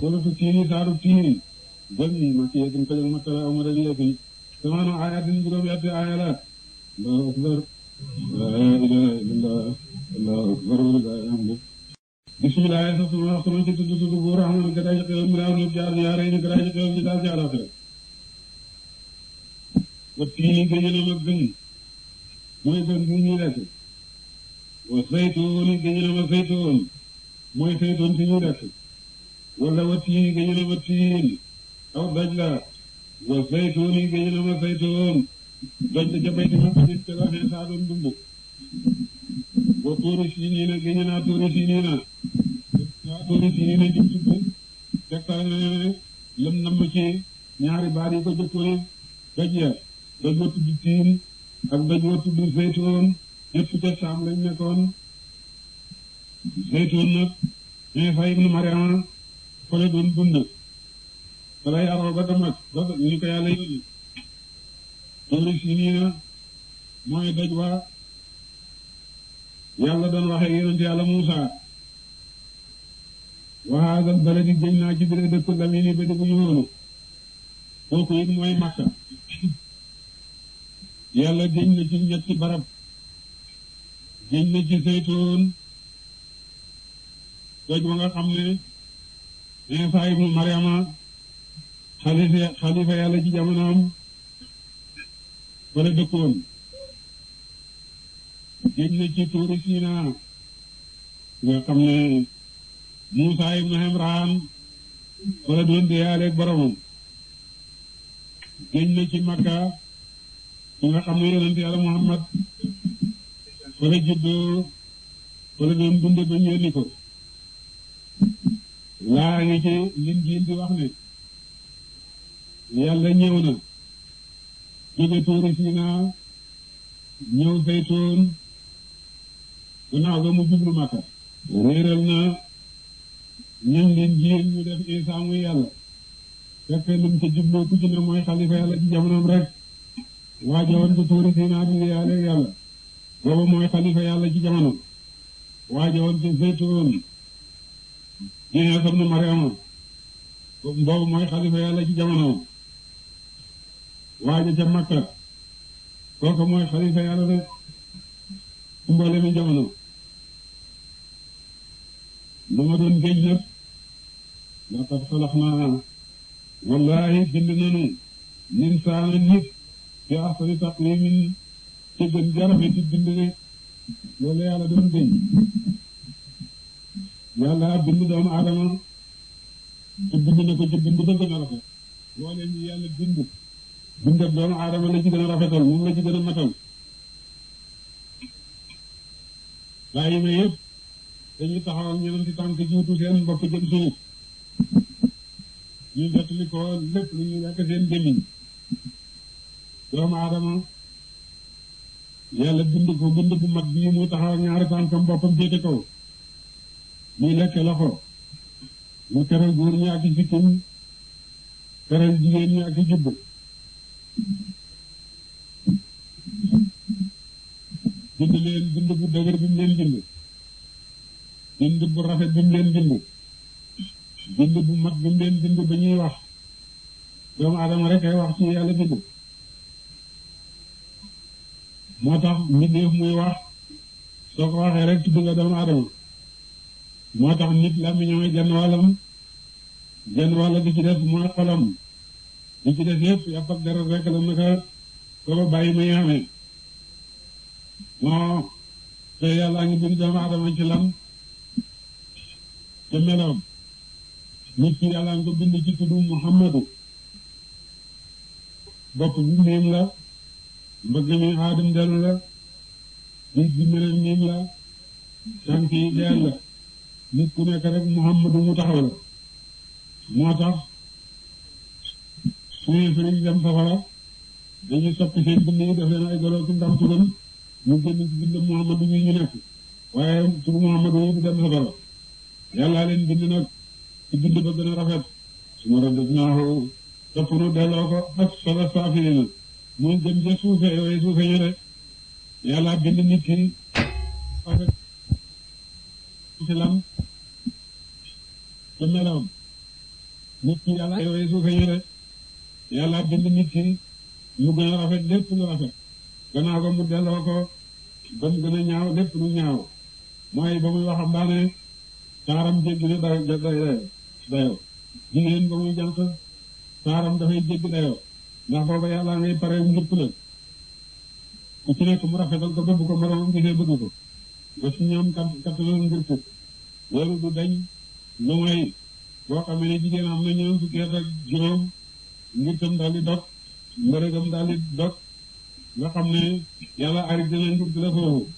solo su tiini saaru tiini bani makkiyatin kajal makkala aw madaniyati samaanu ayatin juróom yatti aaya la allahu akbar laa ilaaha illallah allahu akbar walillahi alhamdu bismillahi sa suma wax sama ci tudd tudd bu rahman gadaaji xewal mi laaw ni gadaaji xewal ci daal ci alaxira wa ma gën mooy gën bi ñuy lekk wa saytuuni gëñe na ma saytuun mooy saytuun si ñuy lekk wala wattiin nga jële wattiin aw doj la wa saytuun yi nga jële wa saytuun doj la jabay di moom di te waxee saa doon dumb wa tuuri siniina nga jële naa tuuri siniina naa tuuri siniina jub jub tegtal na lëm namm ci ñaari baat yi ko jëkkoon doj ya doj wa tudd tiin ak doj wa tudd saytuun ñëpp ca saam lañ nekkoon saytuun nag ñooy fay ibnu Mariama fële doon dund balay ba damat ba ko yàlla yónni loolu si mooy daj waa yàlla doon waxee yonent yàlla Muusaa waxaagal baladi jëñ naa ci biir dëkk lamin yi ba di bu ñu woonu mooy Makka yàlla jëñ na ci ñetti barab jëñ na ci saytoon doj wa nga xam ne Isa ibnu Mariama xalifa xalifa yàlla ci jamonoom bala dëkkoon géej na ci tuuru Siina nga xam ne Muusa ibnu Imraan bala doon deyaaleeg boromam géej na ci Makka nga xam ne yonent yàlla Muhammad bala juddoo bala doon ba ñëli ko laa ngi ci linjiil wax ne yàlla ñëw na jóge tuuru Sinaa ñëw Zeytuun gannaaw ga mu jublu Makka réeral na ñun linjiil ñu def Isaa muy yàlla fekk lum ca jubloo ku ci ne mooy xalifa yàlla ci jamonoom rek waaja woon ca tuuru Sinaa di yàlla yàlla booba mooy xalifa yàlla ci jamonoom waaja woon ca Zeytuun Iisaa ibnu Maryama boobu mooy xalifa yàlla ci jamono waaja ca Makka kooku mooy xalifa yàlla de mboole mi jamono dama doon géej nag laqad xalaqnaa wallaahi bind nanu ninsaana nit fi ahsani taqwiimin ci gën jarafeti bind de loolu yàlla doon géej yàlla bind doomu aadama te bind na ko ci bind ba gën a rafet loolee ñu yàlla bind bindab doomu aadama la ci gën a rafetal moom la ci gën a matal bàyyi na yëpp dañuy taxawal ñeneen tànk jiitu seen bopp jëm suuf ñu jottali ko lépp lu ñuy lekk seen jëliñ doomu aadama yàlla bind ko bind bu mat bii mu taxawal ñaari tànkam boppam féete kaw muy lekk loxo mu teral góor ñi ak sikkim teral jigéen ñi ak jubb bind leen bind bu dëgër bi mu leen bind bind rafet bi leen bind bind bu mat bi leen bind ba ñuy wax doomu aadama rek ay wax ci yàlla bind moo tax mbindeef muy wax soo ko waxee rek tudd nga doomu aadama moo tax nit làmmiñam a jenn wàllam jenn wàll di ci def mooy xolam di ci def yëpp yàpp ak dara rek la naka ko bàyyi may xamee moo te yàlla ngi bind ci lan ci meloom nit ci tuddu muhammadu bopp bi miim la mbëgg mi aadam dellu la nit bi mel miim la tànk yi deel la nit ku nekk rek Muhammadu mu taxawal moo tax suñu sëriñ dem safara dañuy soppi seen bind yi def leen ay golo ci ndax turam ñu génn ci bind Muhammadu ñu ñu nekk waaye turu Muhammadu yi du dem safara yàllaa leen bind nag ci bind ba gën a rafet su ma rafet naa ko topp nu delloo ko ak sala saafirina muy nit ki rafet Tanaram. nit ki yàlla ay way suufe yére yàlla bind nit ki mu gën a rafet lépp lu rafet gannaaw ko mu delloo ko ba mu gën a ñaaw lépp lu ñaaw mooy ba muy waxambaane taaram jéggi na day day dayo dayo jigéen ba muy jànq taaram dafay jéggi dayo ndax booba yàlla ngay pare njëpp la ku ci nekk mu rafetal ko bëgg ko moroomam gisee bëgg ko ba si ñoom kat kat loolu njëpp loolu du dañ lu may boo xamee ne jigéen am na ñoom fukki at ak juróom ngirtam daal di dog mbërëgam daal nga xam ne yàlla arit dina ngir di la foofu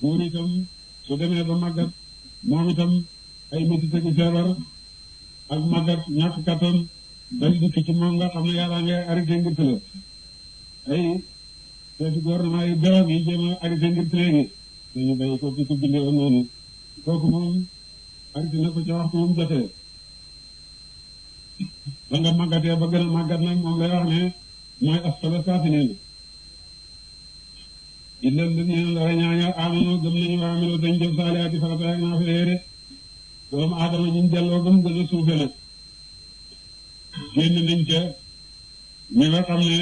buur itam su demee ay métit ak feebar ak màggat ñàkk kattan dal dikk ci moom nga xam ne yàlla ngay arrêté ngir la ay seeti gouvernement yi xarit na ko ca waxtu moom jotee da nga màggatee ba gën a màggat nag moom lay wax ne mooy asfala saafiliin illa alladina dara ñaaña amanu gëm nañu wa amilu dañ jëf saalihaati farata ak naa fi réere doomu aadama ñu delloo gëm gën a suufe nag génn nañ ca ñi nga xam ne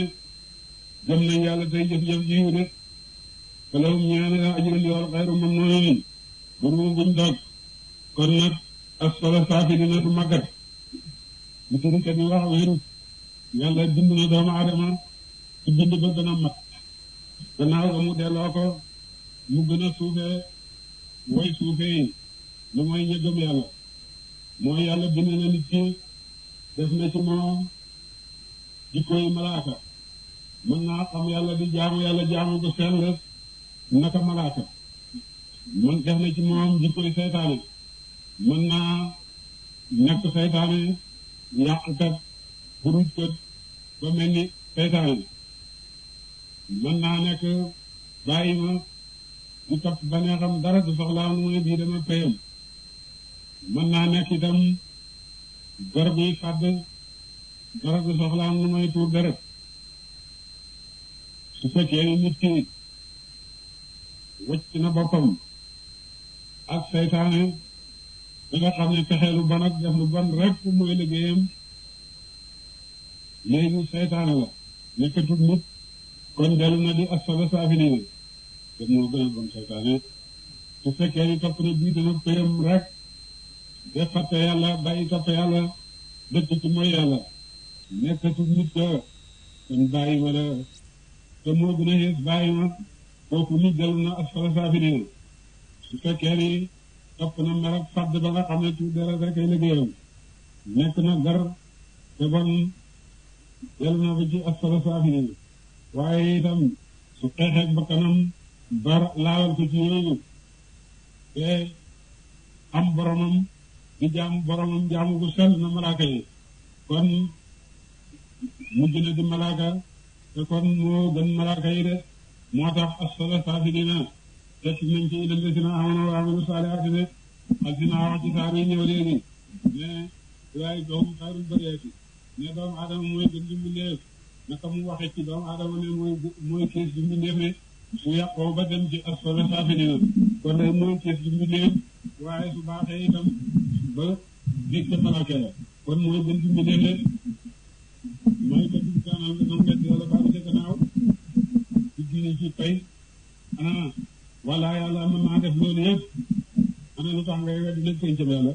gëm nañ yàlla tey jëf-jëf ji yu de falahum ñaan ajrun yool xayru mamnuun buñ dog kon nag as solo saafi dina du màggat li tëdd gën a mat gannaaw ga mu delloo ko mu gën suufee way suufee yi mooy ña yàlla mooy yàlla bind na nit ki def na ci moom jikko yi malaaka naa xam yàlla di jaamu yàlla jaamu ko sell naka malaaka man def na ci moom jikko yi mën naa nekk seytaane yàqkat buruj kët ba mel ni seytaane mën naa nekk bàyyi ma di topp baneexam dara du soxlaa nu ne bii dama payam mën naa nekk itam gor buy fàdd dara du soxlaa nu may tuur deret su fekkee ni nit ki wëcc na boppam ak seytaane da nga xam ne pexe lu bon ak def lu bon rek mooy liggéeyam léegi seytaane la nekkatul nit kon dellu na di asfala saafiliin te moo gën a bon seytaane su fekkee ni topp na bii dana pëyam rek de fàtte yàlla bàyyi topp yàlla dëkk ci mooy yàlla nekkatul nit ko kon bàyyi ma la te moo gën a xees bàyyi ma kooku nit dellu na asfala saafiliin su fekkee ni topp na mer ak fàdd ba nga xam ne ci dara nekk na gar te bon dellu na ba ci asfala saafiliin waaye itam su xeexeeg ba kanam bar laawal ko ci yooyu te am boromam di jaamu boromam jaamu gu sell na malaaka yi kon mujj na di malaaka kon moo gën malaaka yi de moo tax asfala saafiliina fekk nañ ci ilal si naa amoon waa ak dinaa wax ci saa yi ñëw léegi mais waaye doomu xayrul bariati ne doomu mooy gën di mbindeef naka mu waxee ci doomu aadama ne mooy mooy kees di su yàqoo ba dem ci asfala saafilina kon nag mooy kees di mbindeef waaye su baaxee itam ba gis ca la kon mooy gën di mbindeef ne mooy que suñu kaanam nga doon wedd wala baalu ca gannaaw di diine ci pay wala yàlla mën naa def ma ne lu tax ngay weddi lañ koy jëm yàlla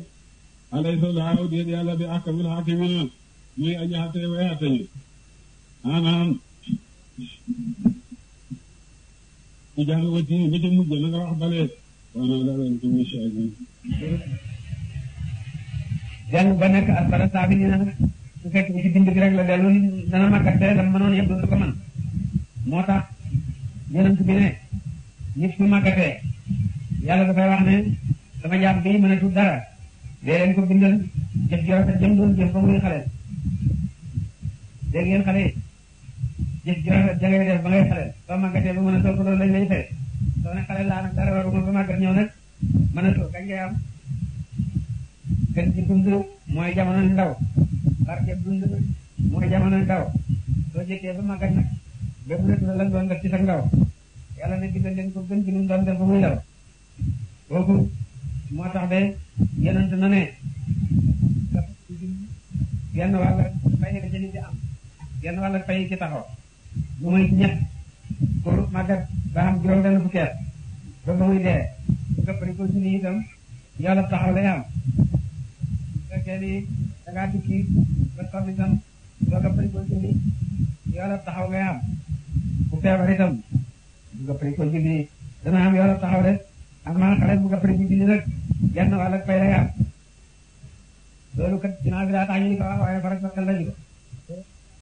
alaysa laahu déet yàlla bi ahkamul haakimiin aji àtte way àtte ñi maanaam ku jàng wati ba ca na nga wax balee waaw la leen ko muy changé. jàng ba nekk ak bala saa bi la dellu dana màggat te dama mënoon yëpp dootu moo tax ne. nit bu màggatee yàlla dafay wax ne sama jaam bi mën a tuut dara dee leen ko bindal jëf ju rafet jëm doon jëf ba muy xale dégg ngeen xale yi jëf ju rafet ja ngay def ba ngay xale soo màggatee ba mën a toog loolu lañ lay fay soo ne xale laa ma dara waruma ba màggat ñëw nag mën a toog kañ ngay am gën ci dund mooy jamono ndaw barke dund mooy jamono ndaw soo jëkkee ba màggat nag ba mën a tuut lan doon def ci sa ndaw yàlla ne bindal leen ko gën ci lu mu doon def ba muy nelaw kooku moo tax de yonent na ne genn wàll fay nga ca nit di am genn wàll fay ci taxaw lu màggat ba xam juróom benn fukki at ba ko julli itam yàlla taxaw lay am fekkee ni da ngaa ba sonn itam soo nga bari ko julli yàlla taxaw ngay am bu gëppali ko julli dana am yoolab taxaw de am naa xale bu gëppali ko julli nag genn wàll ak pay lay am loolu kat dinaa bi daa tax ñu ni ko